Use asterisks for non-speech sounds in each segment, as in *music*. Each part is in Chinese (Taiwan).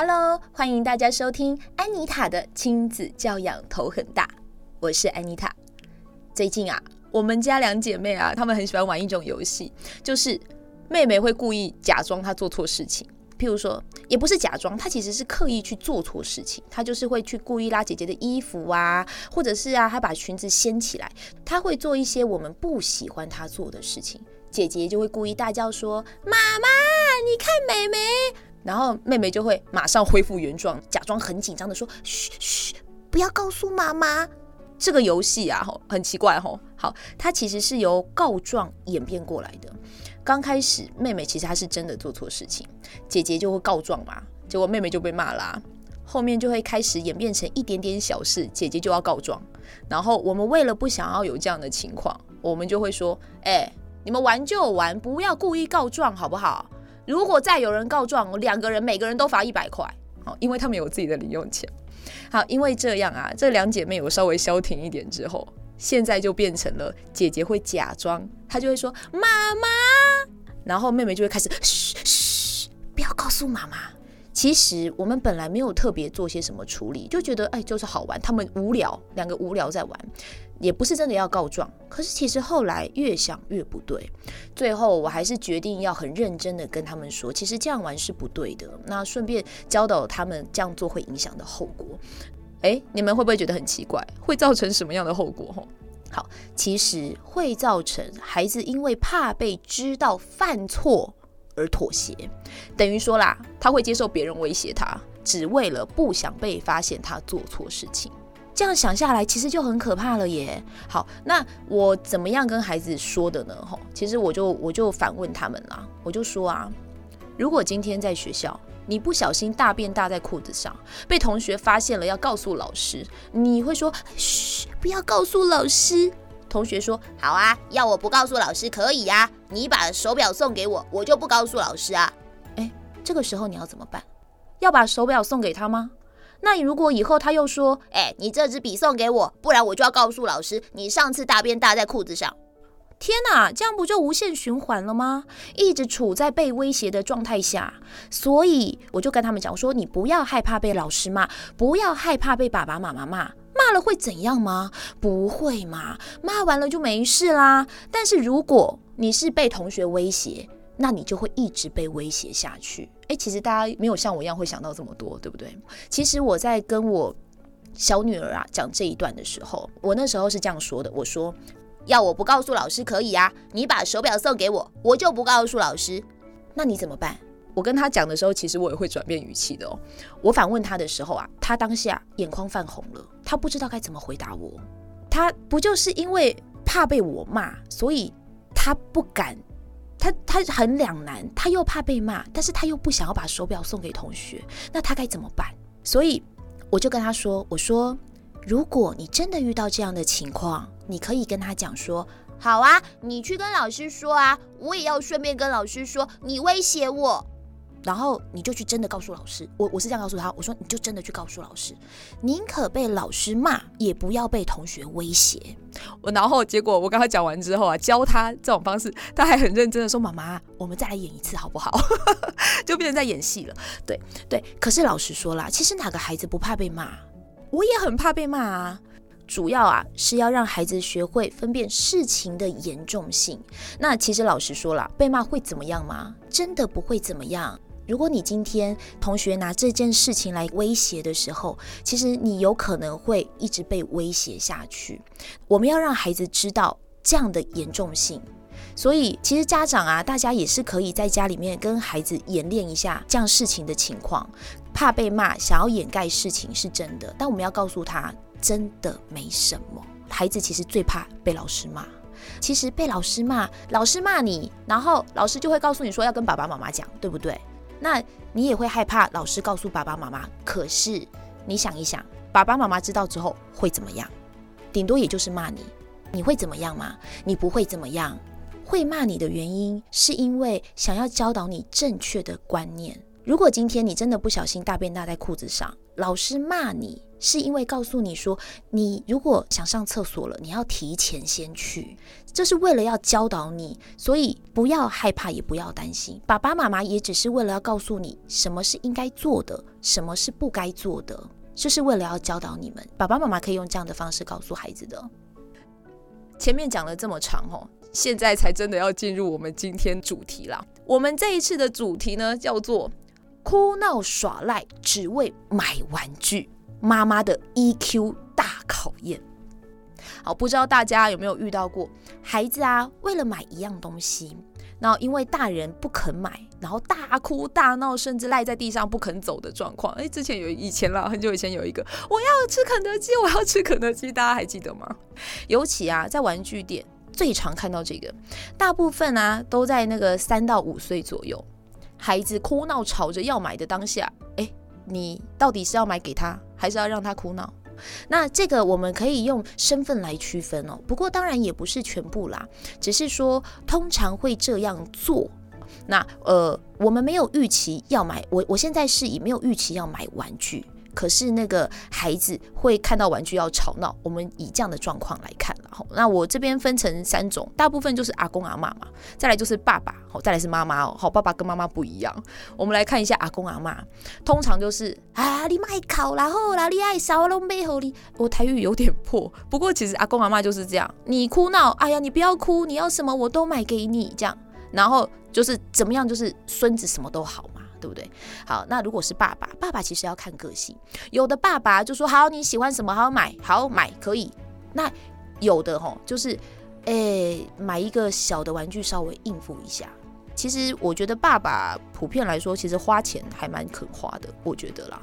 Hello，歡迎大家收聽安妮塔的親子教養頭很大，我是安妮塔。最近啊，我們家兩姐妹啊，她們很喜歡玩一種遊戲，就是妹妹會故意假裝她做錯事情，譬如說，也不是假裝，她其實是刻意去做錯事情，她就是會去故意拉姐姐的衣服啊，或者是啊，她把裙子掀起來，她會做一些我們不喜歡她做的事情，姐姐就會故意大叫說：“媽媽，你看妹妹。”然後妹妹就會馬上恢復原狀，假裝很緊張地說：“噓噓，不要告訴媽媽這個遊戲啊！”吼，很奇怪吼、哦。好，它其實是由告狀演變過來的。剛開始妹妹其實她是真的做錯事情，姐姐就會告狀嘛，結果妹妹就被罵啦、啊。後面就會開始演變成一點點小事，姐姐就要告狀。然後我們為了不想要有這樣的情況，我們就會說：“哎、欸，你們玩就玩，不要故意告狀，好不好？”如果再有人告狀，我兩個人每個人都罰一百塊，好，因為他們有自己的零用錢。好，因為這樣啊，這兩姐妹有稍微消停一點之後，現在就變成了姐姐會假裝，她就會說媽媽，然後妹妹就會開始噓噓，不要告訴媽媽。其實我們本來沒有特別做些什麼處理，就覺得哎、欸，就是好玩，他們無聊，兩個無聊在玩。也不是真的要告狀，可是其實後來越想越不對，最後我還是決定要很認真的跟他們說，其實這樣玩是不對的。那順便教導他們這樣做會影響的後果。誒，你們會不會覺得很奇怪？會造成什麼樣的後果？哦，好，其實會造成孩子因為怕被知道犯錯而妥協，等於說啦，他會接受別人威脅他，只為了不想被發現他做錯事情。這樣想下來，其實就很可怕了耶。好，那我怎麼樣跟孩子說的呢？吼，其實我就我就反問他們啦，我就說啊，如果今天在學校你不小心大便大在褲子上，被同學發現了要告訴老師，你會說噓，不要告訴老師。同學說好啊，要我不告訴老師可以呀，你把手錶送給我，我就不告訴老師啊。誒，這個時候你要怎麼辦？要把手錶送給他嗎？那如果以後他又說，哎、欸，你這支筆送給我，不然我就要告訴老師，你上次大便大在褲子上。天哪，這樣不就無限循環了嗎？一直處在被威脅的狀態下。所以我就跟他們講說，你不要害怕被老師罵，不要害怕被爸爸媽媽罵，罵了會怎樣嗎？不會嘛，罵完了就沒事啦。但是如果你是被同學威脅，那你就會一直被威脅下去。誒、欸，其實大家沒有像我一樣會想到這麼多，對不對？其實我在跟我小女兒啊講這一段的時候，我那時候是這樣說的：我說，要我不告訴老師可以啊，你把手表送給我，我就不告訴老師。那你怎麼辦？我跟她講的時候，其實我也會轉變語氣的哦。我反問她的時候啊，她當下眼眶泛紅了，她不知道該怎麼回答我。她不就是因為怕被我罵，所以她不敢？他他很兩難，他又怕被罵，但是他又不想要把手錶送給同學，那他該怎麼辦？所以我就跟他說：“我說，如果你真的遇到這樣的情況，你可以跟他講說，好啊，你去跟老師說啊，我也要順便跟老師說，你威脅我。”然後你就去真的告訴老師，我我是這樣告訴他，我說你就真的去告訴老師，寧可被老師罵，也不要被同學威脅。我然後結果我跟他講完之後啊，教他這種方式，他還很認真的說：“媽媽，我們再來演一次好不好？” *laughs* 就變成在演戲了。對對，可是老實說啦，其實哪個孩子不怕被罵？我也很怕被罵啊。主要啊是要讓孩子學會分辨事情的嚴重性。那其實老實說啦，被罵會怎麼樣嗎？真的不會怎麼樣。如果你今天同學拿這件事情來威脅的時候，其實你有可能會一直被威脅下去。我們要讓孩子知道這樣的嚴重性。所以，其實家長啊，大家也是可以在家裡面跟孩子演練一下這樣事情的情況。怕被罵，想要掩蓋事情是真的，但我們要告訴他，真的沒什麼。孩子其實最怕被老師罵。其實被老師罵，老師罵你，然後老師就會告訴你說要跟爸爸媽媽講，對不對？那你也會害怕老師告訴爸爸媽媽。可是你想一想，爸爸媽媽知道之後會怎麼樣？頂多也就是罵你，你會怎麼樣嗎？你不會怎麼樣。會罵你的原因，是因為想要教導你正確的觀念。如果今天你真的不小心大便大在褲子上，老師罵你。是因為告訴你說，你如果想上廁所了，你要提前先去，這是為了要教導你，所以不要害怕，也不要擔心。爸爸媽媽也只是為了要告訴你，什麼是應該做的，什麼是不該做的，這，就是為了要教導你們。爸爸媽媽可以用這樣的方式告訴孩子的。前面講了這麼長哦，現在才真的要進入我們今天主題啦。我們這一次的主題呢，叫做哭鬧耍賴只為買玩具。媽媽的 EQ 大考驗，好，不知道大家有沒有遇到過孩子啊？為了買一樣東西，然後因為大人不肯買，然後大哭大鬧，甚至賴在地上不肯走的狀況。哎，之前有，以前啦，很久以前有一個，我要吃肯德基，我要吃肯德基，大家還記得嗎？尤其啊，在玩具店最常看到這個，大部分啊都在那個三到五歲左右，孩子哭鬧吵着要買的當下，哎，你到底是要買給他？還是要讓他哭鬧？那這個我們可以用身份來區分哦。不過當然也不是全部啦，只是說通常會這樣做。那呃，我們沒有預期要買，我我現在是也沒有預期要買玩具。可是那個孩子會看到玩具要吵鬧，我們以這樣的狀況來看，然後那我這邊分成三種，大部分就是阿公阿嬤嘛，再來就是爸爸，再來是媽媽哦。好，爸爸跟媽媽不一樣，我們來看一下阿公阿嬤。通常就是啊，你賣烤，然後然後你愛燒龍背後你，我台語有點破，不過其實阿公阿嬤就是這樣，你哭鬧，哎呀，你不要哭，你要什麼我都買給你這樣，然後就是怎麼樣，就是孫子什麼都好嘛。對不對？好，那如果是爸爸，爸爸其實要看個性，有的爸爸就說，好，你喜歡什麼，好買、好買可以，那有的吼、哦、就是，哎買一個小的玩具稍微應付一下。其實我覺得爸爸普遍來說，其實花錢還蠻肯花的，我覺得啦。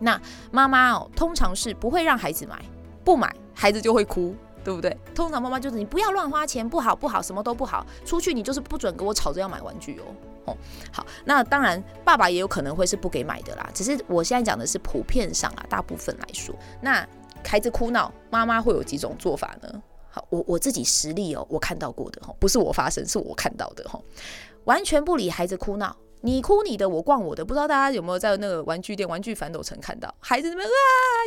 那媽媽哦，通常是不會讓孩子買，不買孩子就會哭，對不對？通常媽媽就是你不要亂花錢，不好不好，什麼都不好，出去你就是不准給我吵着要買玩具哦。哦，好，那當然，爸爸也有可能會是不給買的啦。只是我現在講的是普遍上啦，大部分來說，那孩子哭鬧，媽媽會有幾種做法呢？好，我我自己實力哦、喔，我看到過的齁，不是我發生，是我看到的齁。完全不理孩子哭鬧，你哭你的，我逛我的。不知道大家有沒有在那個玩具店、玩具反斗城看到孩子在那邊啊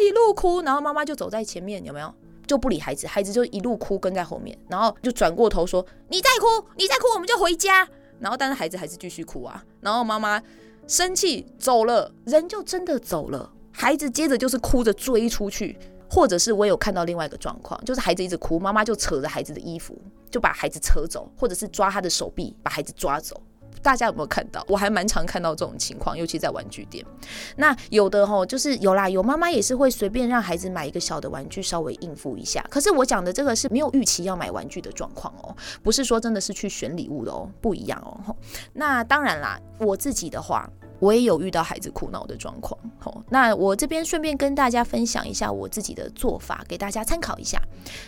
一路哭，然後媽媽就走在前面，有沒有，就不理孩子，孩子就一路哭跟在後面，然後就轉過頭說：“你再哭，你再哭，我們就回家。”然後，但是孩子還是繼續哭啊。然後媽媽生氣走了，人就真的走了。孩子接着就是哭着追出去，或者是我有看到另外一個狀況，就是孩子一直哭，媽媽就扯着孩子的衣服，就把孩子扯走，或者是抓他的手臂把孩子抓走。大家有沒有看到？我還蠻常看到這種情況，尤其在玩具店。那有的吼，就是有啦，有媽媽也是會隨便讓孩子買一個小的玩具，稍微應付一下。可是我講的這個是沒有預期要買玩具的狀況哦，不是說真的是去選禮物的哦，不一樣哦。那當然啦，我自己的話。我也有遇到孩子哭鬧的狀況，好，那我這邊順便跟大家分享一下我自己的做法，給大家參考一下。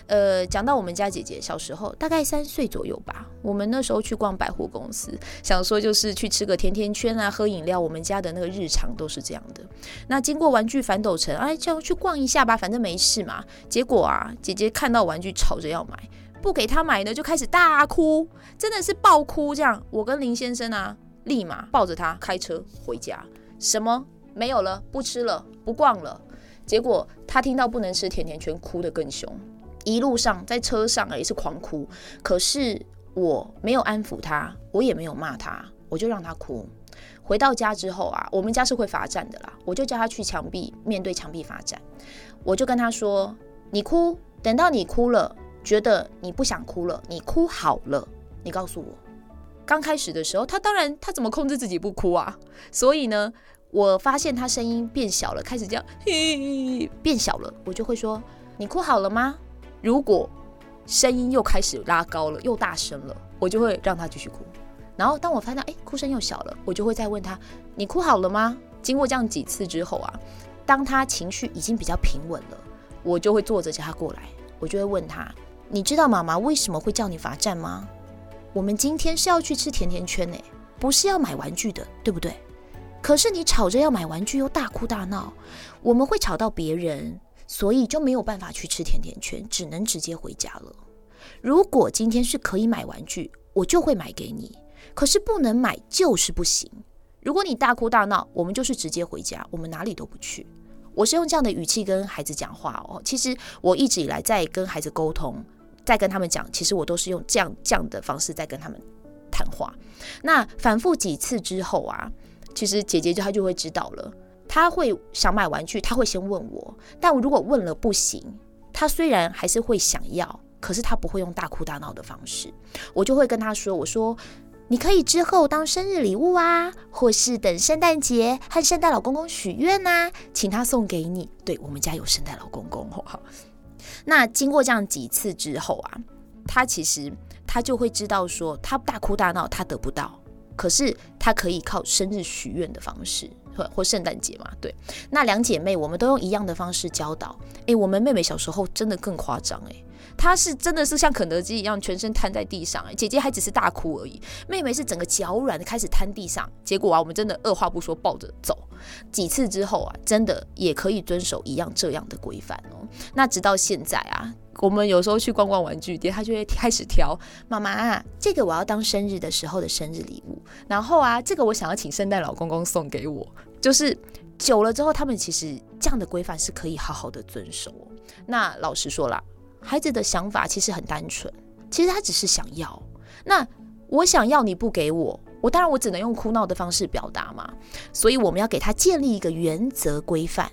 呃，講到我們家姐姐小時候，大概三歲左右吧，我們那時候去逛百貨公司，想說就是去吃個甜甜圈啊，喝飲料，我們家的那個日常都是這樣的。那經過玩具反斗城，哎，叫去逛一下吧，反正沒事嘛。結果啊，姐姐看到玩具吵着要買，不給她買呢，就開始大哭，真的是爆哭這樣。我跟林先生啊。立馬抱着他開車回家，什麼沒有了，不吃了，不逛了。結果他聽到不能吃甜甜圈，哭得更兇。一路上在車上也是狂哭，可是我沒有安撫他，我也沒有罵他，我就讓他哭。回到家之後啊，我們家是會罰站的啦，我就叫他去牆壁面對牆壁罰站。我就跟他說：“你哭，等到你哭了，覺得你不想哭了，你哭好了，你告訴我。”剛開始的時候，他當然他怎麼控制自己不哭啊？所以呢，我發現他聲音變小了，開始這樣嘿嘿嘿，變小了，我就會說，你哭好了嗎？如果聲音又開始拉高了，又大聲了，我就會讓他繼續哭。然後當我發現，哎，哭聲又小了，我就會再問他，你哭好了嗎？經過這樣幾次之後啊，當他情緒已經比較平穩了，我就會坐着叫他過來，我就會問他，你知道媽媽為什麼會叫你罰站嗎？我們今天是要去吃甜甜圈哎，不是要買玩具的，對不對？可是你吵着要買玩具又大哭大鬧，我們會吵到別人，所以就沒有辦法去吃甜甜圈，只能直接回家了。如果今天是可以買玩具，我就會買給你。可是不能買就是不行。如果你大哭大鬧，我們就是直接回家，我們哪裡都不去。我是用這樣的語氣跟孩子講話哦。其實我一直以來在跟孩子溝通。再跟他們講，其實我都是用這樣這樣的方式在跟他們談話。那反覆幾次之後啊，其實姐姐就她就會知道了。他會想買玩具，他會先問我。但我如果問了不行，他雖然還是會想要，可是他不會用大哭大鬧的方式。我就會跟他說：“我說你可以之後當生日禮物啊，或是等聖誕節和聖誕老公公許願啊，請他送給你。對”對我們家有聖誕老公公，好不好？那經過這樣幾次之後啊，他其實他就會知道說，他大哭大鬧他得不到，可是他可以靠生日許願的方式，或或聖誕節嘛，對。那兩姐妹，我們都用一樣的方式教導。誒、欸，我們妹妹小時候真的更誇張誒。她是真的是像肯德基一樣全身癱在地上，姐姐還只是大哭而已，妹妹是整個腳軟的開始癱地上。結果啊，我們真的二話不說抱着走。幾次之後啊，真的也可以遵守一樣這樣的規範哦。那直到現在啊，我們有時候去逛逛玩具店，她就會開始挑，媽媽，這個我要當生日的時候的生日禮物，然後啊這個我想要請聖誕老公公送給我。就是久了之後，他們其實這樣的規範是可以好好的遵守哦。那老實說啦。孩子的想法其實很單純，其實他只是想要。那我想要你不給我，我當然我只能用哭鬧的方式表達嘛。所以我們要給他建立一個原則規範。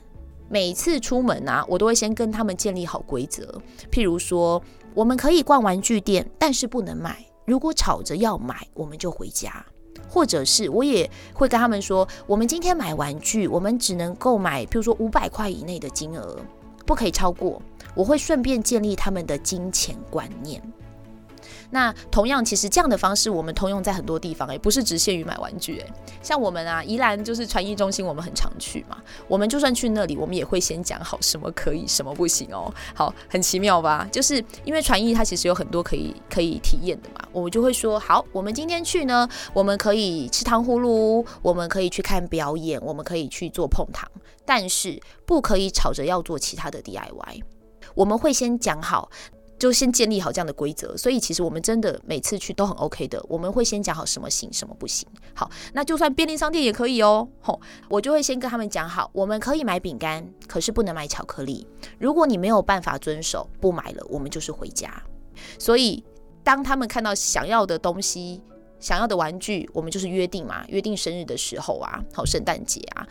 每次出門啊，我都會先跟他們建立好規則。譬如說，我們可以逛玩具店，但是不能買。如果吵着要買，我們就回家。或者是我也會跟他們說，我們今天買玩具，我們只能購買，譬如說五百塊以內的金額，不可以超過。我會順便建立他們的金錢觀念。那同樣，其實這樣的方式我們通用在很多地方，也不是只限於買玩具，像我們啊，宜蘭就是傳藝中心，我們很常去嘛。我們就算去那裡，我們也會先講好什麼可以，什麼不行哦。好，很奇妙吧？就是因為傳藝它其實有很多可以可以體驗的嘛，我們就會說好，我們今天去呢，我們可以吃糖葫蘆，我們可以去看表演，我們可以去做碰糖，但是不可以吵着要做其他的 DIY。我們會先講好，就先建立好這樣的規則。所以其實我們真的每次去都很 OK 的。我們會先講好什麼行，什麼不行。好，那就算便利商店也可以哦。吼，我就會先跟他們講好，我們可以買餅乾，可是不能買巧克力。如果你沒有辦法遵守，不買了，我們就是回家。所以當他們看到想要的東西、想要的玩具，我們就是約定嘛，約定生日的時候啊，好，聖誕節啊。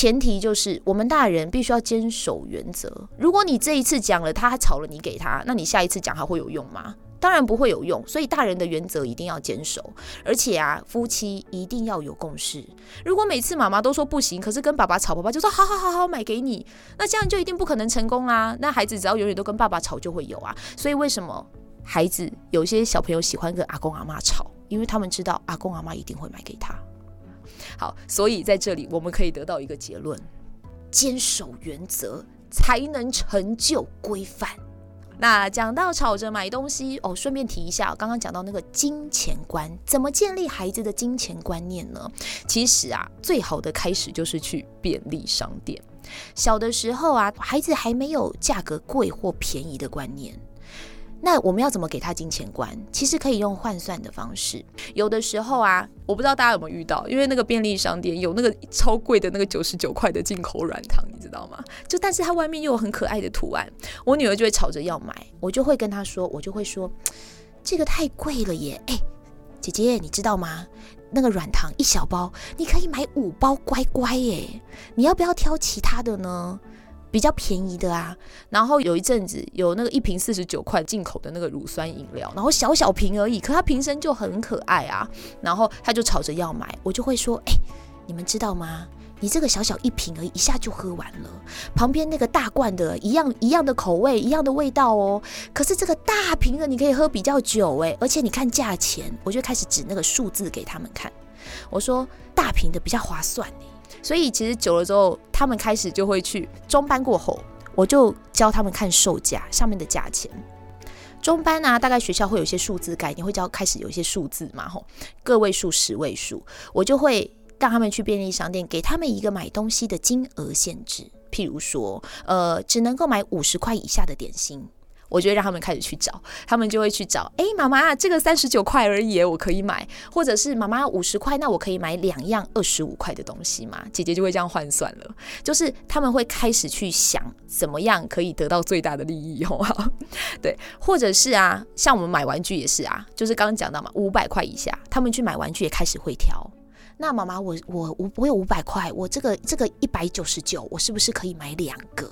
前提就是，我們大人必須要堅守原則。如果你這一次講了他，他還吵了，你給他，那你下一次講還會有用嗎？當然不會有用。所以大人的原則一定要堅守，而且啊，夫妻一定要有共識。如果每次媽媽都說不行，可是跟爸爸吵，爸爸就說好好好好買給你，那這樣就一定不可能成功啊。那孩子只要永遠都跟爸爸吵，就會有啊。所以為什麼孩子有些小朋友喜歡跟阿公阿媽吵？因為他們知道阿公阿媽一定會買給他。好，所以在這裡我們可以得到一個結論：堅守原則才能成就規範。那講到吵着買東西哦，順便提一下，剛剛講到那個金錢觀，怎麼建立孩子的金錢觀念呢？其實啊，最好的開始就是去便利商店。小的時候啊，孩子還沒有價格貴或便宜的觀念。那我們要怎麼給他金錢觀？其實可以用換算的方式。有的時候啊，我不知道大家有沒有遇到，因為那個便利商店有那個超貴的那個九十九塊的進口軟糖，你知道嗎？就但是它外面又有很可愛的圖案，我女兒就會吵着要買，我就會跟她說，我就會說，這個太貴了耶！哎、欸，姐姐，你知道嗎？那個軟糖一小包，你可以買五包乖乖耶！你要不要挑其他的呢？比較便宜的啊，然後有一陣子有那個一瓶四十九塊進口的那個乳酸飲料，然後小小瓶而已，可它瓶身就很可愛啊，然後他就吵着要買，我就會說，哎，你們知道嗎？你這個小小一瓶而已，一下就喝完了，旁邊那個大罐的一樣一樣的口味，一樣的味道哦，可是這個大瓶的你可以喝比較久欸，而且你看價錢，我就開始指那個數字給他們看，我說大瓶的比較划算欸。所以其實久了之後，他們開始就會去中班過後，我就教他們看售價上面的價錢。中班呢、啊，大概學校會有一些數字概念，你會教開始有一些數字嘛，吼，個位數、十位數，我就會讓他們去便利商店，給他們一個買東西的金額限制，譬如說，呃，只能夠買五十塊以下的點心。我覺得讓他們開始去找，他們就會去找。哎、欸，媽媽，這個三十九塊而已，我可以買。或者是媽媽五十塊，那我可以買兩樣二十五塊的東西嗎？姐姐就會這樣換算了，就是他們會開始去想怎麼樣可以得到最大的利益，好、哦、不好？對，或者是啊，像我們買玩具也是啊，就是剛剛講到嘛，五百塊以下，他們去買玩具也開始會挑。那媽媽，我我我我有五百塊，我這個這個一百九十九，我是不是可以買兩個？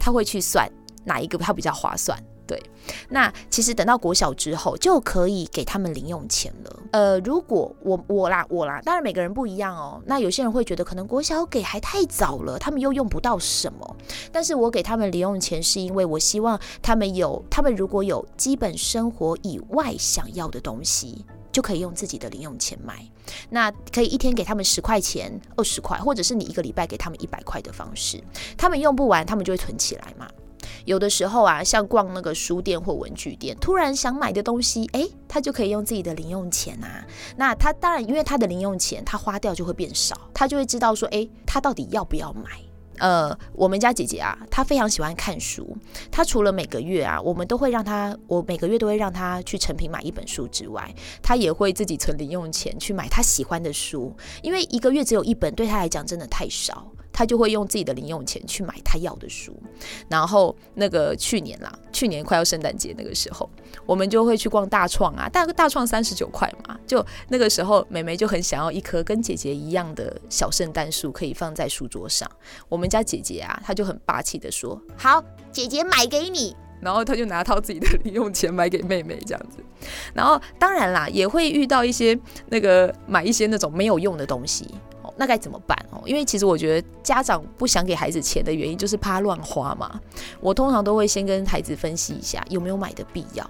他會去算。哪一個它比較划算？對，那其實等到國小之後就可以給他們零用錢了。呃，如果我我啦我啦，當然每個人不一樣哦。那有些人會覺得可能國小給還太早了，他們又用不到什麼。但是我給他們零用錢是因為我希望他們有，他們如果有基本生活以外想要的東西，就可以用自己的零用錢買。那可以一天給他們十塊錢、二十塊，或者是你一個禮拜給他們一百塊的方式，他們用不完，他們就會存起來嘛。有的時候啊，像逛那個書店或文具店，突然想買的東西，哎、欸，他就可以用自己的零用錢啊。那他當然，因為他的零用錢他花掉就會變少，他就會知道說，哎、欸，他到底要不要買？呃，我們家姐姐啊，她非常喜歡看書，她除了每個月啊，我們都會讓她，我每個月都會讓她去誠品買一本書之外，她也會自己存零用錢去買她喜歡的書，因為一個月只有一本，對她來講真的太少。他就會用自己的零用錢去買他要的書，然後那個去年啦，去年快要聖誕節那個時候，我們就會去逛大創啊，大大創三十九塊嘛，就那個時候，妹妹就很想要一棵跟姐姐一樣的小聖誕樹，可以放在書桌上。我們家姐姐啊，她就很霸氣的說：“好，姐姐買給你。”然後她就拿到自己的零用錢買給妹妹這樣子。然後當然啦，也會遇到一些那個買一些那種沒有用的東西。那該怎麼辦哦？因為其實我覺得家長不想給孩子錢的原因，就是怕亂花嘛。我通常都會先跟孩子分析一下有沒有買的必要。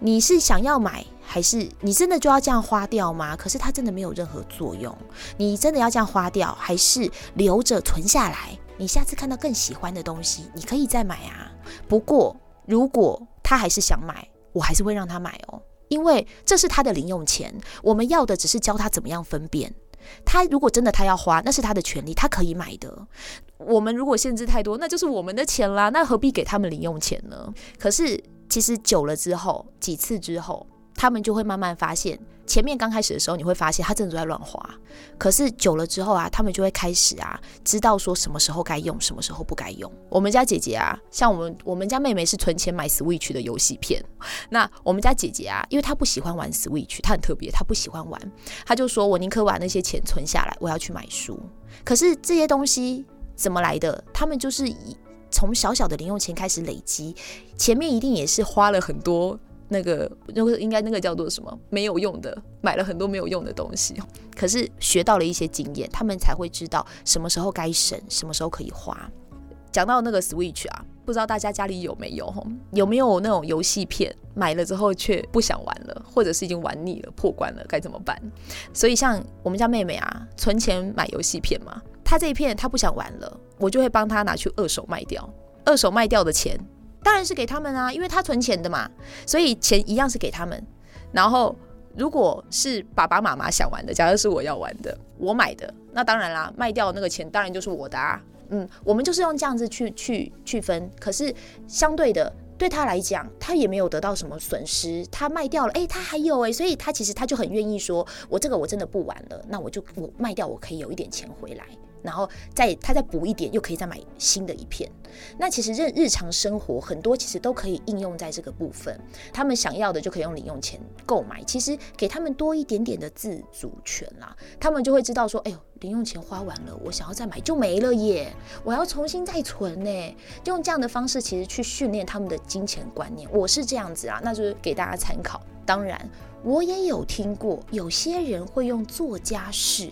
你是想要買，還是你真的就要這樣花掉嗎？可是它真的沒有任何作用，你真的要這樣花掉，還是留着存下來？你下次看到更喜歡的東西，你可以再買啊。不過如果他還是想買，我還是會讓他買哦，因為這是他的零用錢。我們要的只是教他怎麼樣分辨。他如果真的他要花，那是他的權利，他可以買的。我們如果限制太多，那就是我們的錢啦，那何必給他們零用錢呢？可是其實久了之後，幾次之後，他們就會慢慢發現。前面剛開始的時候，你會發現他真的都在亂花，可是久了之後啊，他們就會開始啊，知道說什麼時候該用，什麼時候不該用。我們家姐姐啊，像我們我們家妹妹是存錢買 Switch 的遊戲片，那我們家姐姐啊，因為她不喜歡玩 Switch，她很特別，她不喜歡玩，她就說：“我寧可把那些錢存下來，我要去買書。”可是這些東西怎麼來的？他們就是以從小小的零用錢開始累積，前面一定也是花了很多。那個，那個應該那個叫做什麼？沒有用的，買了很多沒有用的東西，可是學到了一些經驗，他們才會知道什麼時候該省，什麼時候可以花。講到那個 Switch 啊，不知道大家家裡有沒有？有沒有那種遊戲片？買了之後卻不想玩了，或者是已經玩膩了，破關了，該怎麼辦？所以像我們家妹妹啊，存錢買遊戲片嘛，她這一片她不想玩了，我就會幫她拿去二手賣掉，二手賣掉的錢，當然是給他們啊，因為他存錢的嘛，所以錢一樣是給他們。然後，如果是爸爸媽媽想玩的，假如是我要玩的，我買的，那當然啦，賣掉那個錢當然就是我的啊。嗯，我們就是用這樣子去去去分。可是相對的，對他來講，他也沒有得到什麼損失，他賣掉了，哎、欸，他還有誒、欸。所以他其實他就很願意說，我這個我真的不玩了，那我就我賣掉我可以有一點錢回來。然後再他再補一點，又可以再買新的一片。那其實日日常生活很多其實都可以應用在這個部分。他們想要的就可以用零用錢購買。其實給他們多一點點的自主權啦，他們就會知道說，哎呦，零用錢花完了，我想要再買就沒了耶，我要重新再存呢。就用這樣的方式其實去訓練他們的金錢觀念。我是這樣子啊，那就是給大家參考。當然我也有聽過，有些人會用做家事，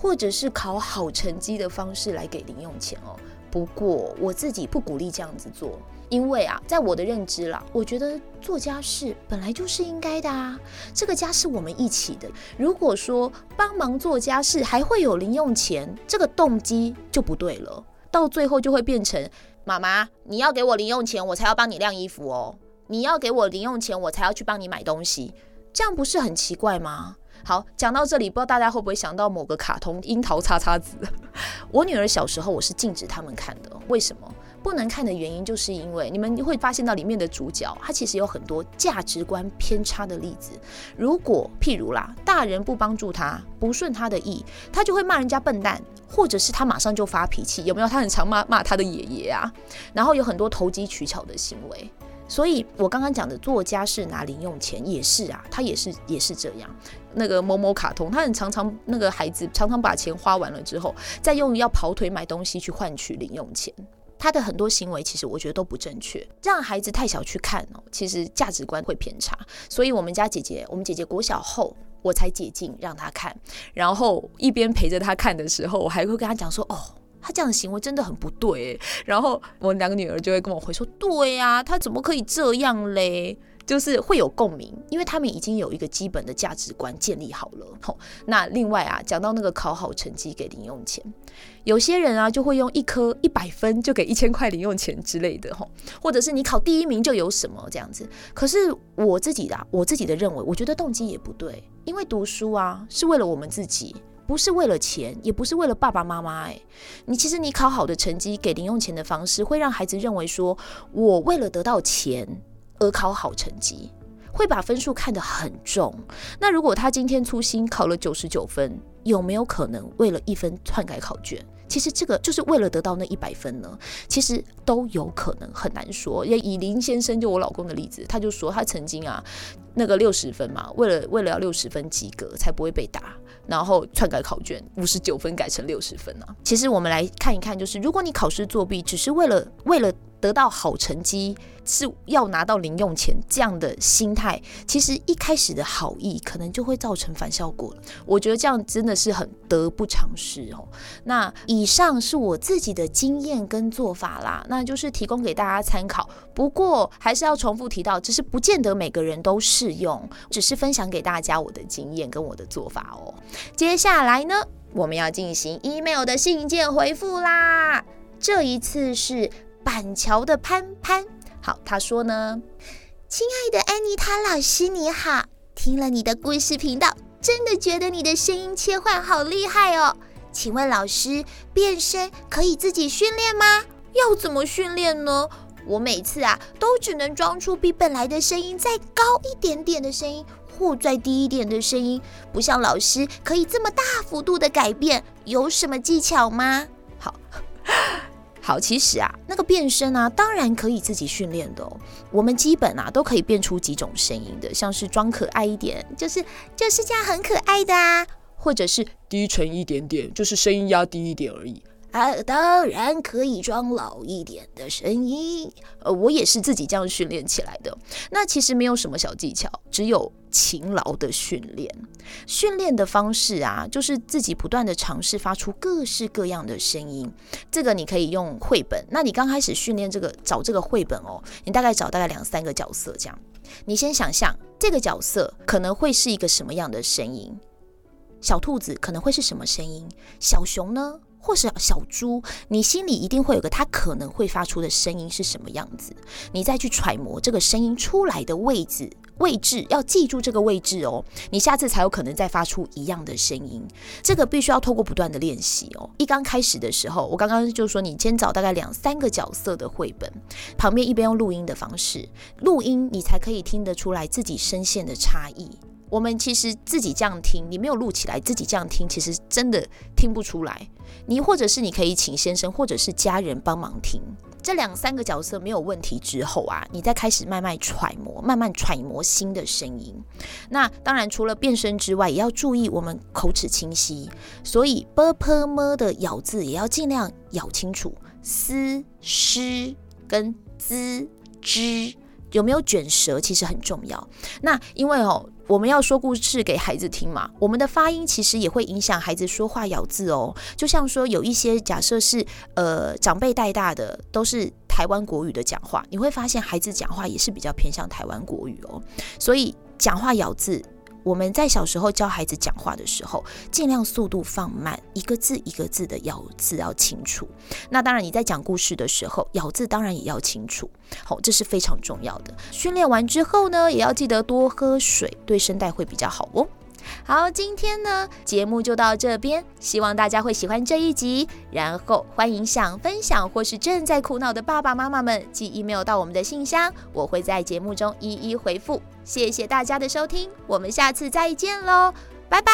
或者是考好成績的方式來給零用錢哦。不過我自己不鼓勵這樣子做，因為啊，在我的認知啦，我覺得做家事本來就是應該的啊。這個家是我們一起的。如果說幫忙做家事還會有零用錢，這個動機就不對了。到最後就會變成媽媽，你要給我零用錢我才要幫你晾衣服哦，你要給我零用錢我才要去幫你買東西，這樣不是很奇怪嗎？好，講到這裡，不知道大家會不會想到某個卡通《櫻桃叉，叉叉子？》 *laughs* 我女兒小時候，我是禁止他們看的。為什麼不能看的原因，就是因為你們會發現到裡面的主角，他其實有很多價值觀偏差的例子。如果譬如啦，大人不幫助他，不順他的意，他就會罵人家笨蛋，或者是他馬上就發脾氣，有沒有？他很常罵罵他的爺爺啊，然後有很多投機取巧的行為。所以，我剛剛講的作家是拿零用錢，也是啊，他也是也是這樣。那個某某卡通，他很常常那個孩子常常把錢花完了之後，再用於要跑腿買東西去換取零用錢。他的很多行為，其實我覺得都不正確。讓孩子太小去看哦，其實價值觀會偏差。所以我們家姐姐，我們姐姐國小後，我才解禁讓她看。然後一邊陪着他看的時候，我還會跟他講說哦。他這樣的行為真的很不對、欸，然後我們兩個女兒就會跟我回說：“對呀、啊，他怎麼可以這樣嘞？”就是會有共鳴，因為他們已經有一個基本的價值觀建立好了。吼，那另外啊，講到那個考好成績給零用錢，有些人啊就會用一科一百分就給一千塊零用錢之類的，吼，或者是你考第一名就有什麼這樣子。可是我自己的、啊，我自己的認為，我覺得動機也不對，因為讀書啊是為了我們自己。不是為了錢，也不是為了爸爸媽媽、欸。哎，你其實你考好的成績給零用錢的方式，會讓孩子認為說，我為了得到錢而考好成績，會把分數看得很重。那如果他今天粗心考了九十九分，有沒有可能為了一分篡改考卷？其實這個就是為了得到那一百分呢，其實都有可能，很難說。以林先生就我老公的例子，他就說他曾經啊。那個六十分嘛，為了為了要六十分及格，才不會被打，然後篡改考卷，五十九分改成六十分啊。其實我們來看一看，就是如果你考試作弊，只是為了為了得到好成績，是要拿到零用錢，這樣的心態，其實一開始的好意，可能就會造成反效果了，我覺得這樣真的是很得不償失哦。那以上是我自己的經驗跟做法啦，那就是提供給大家參考。不過還是要重複提到，只是不見得每個人都是。試用只是分享給大家我的經驗跟我的做法哦。接下來呢，我們要進行 email 的信件回復啦。這一次是板橋的潘潘，好，他說呢：“親愛的安妮塔老師你好，聽了你的故事頻道，真的覺得你的聲音切換好厲害哦。請問老師，變聲可以自己訓練嗎？要怎麼訓練呢？”我每次啊，都只能裝出比本來的聲音再高一點點的聲音，或再低一點的聲音，不像老師可以這麼大幅度的改變。有什麼技巧嗎？好， *laughs* 好，其實啊，那個變聲啊，當然可以自己訓練的哦。我們基本啊，都可以變出幾種聲音的，像是裝可愛一點，就是就是這樣很可愛的啊，或者是低沉一點點，就是聲音壓低一點而已。啊，當然可以裝老一點的聲音。呃，我也是自己這樣訓練起來的。那其實沒有什麼小技巧，只有勤勞的訓練。訓練的方式啊，就是自己不斷的嘗試發出各式各樣的聲音。這個你可以用繪本。那你剛開始訓練這個，找這個繪本哦，你大概找大概兩三個角色這樣。你先想象這個角色可能會是一個什麼樣的聲音，小兔子可能會是什麼聲音，小熊呢？或是小豬，你心裡一定會有個它可能會發出的聲音是什麼樣子，你再去揣摩這個聲音出來的位置，位置要記住這個位置哦，你下次才有可能再發出一樣的聲音。這個必須要透過不斷的練習哦。一剛開始的時候，我剛剛就說你先找大概兩三個角色的繪本，旁邊一邊用錄音的方式錄音，你才可以聽得出來自己聲線的差異。我們其實自己這樣聽，你沒有錄起來，自己這樣聽，其實真的聽不出來。你或者是你可以請先生或者是家人幫忙聽，這兩三個角色沒有問題之後啊，你再開始慢慢揣摩，慢慢揣摩新的聲音。那當然除了變聲之外，也要注意我們口齒清晰，所以 b p m 的咬字也要儘量咬清楚，思、詩跟滋、知，有沒有捲舌，其實很重要。那因為哦、喔。我們要說故事給孩子聽嘛，我們的發音其實也會影響孩子說話咬字哦。就像說有一些假設是，呃，長輩帶大的都是台灣國語的講話，你會發現孩子講話也是比較偏向台灣國語哦。所以講話咬字。我們在小時候教孩子講話的時候，盡量速度放慢，一個字一個字的咬字要清楚。那當然，你在講故事的時候咬字當然也要清楚。好，這是非常重要的。訓練完之後呢，也要記得多喝水，對聲帶會比較好哦。好，今天呢，節目就到這邊，希望大家會喜歡這一集。然後，歡迎想分享或是正在苦惱的爸爸媽媽們寄 Email 到我們的信箱，我會在節目中一一回復。謝謝大家的收聽，我們下次再見嘍，拜拜。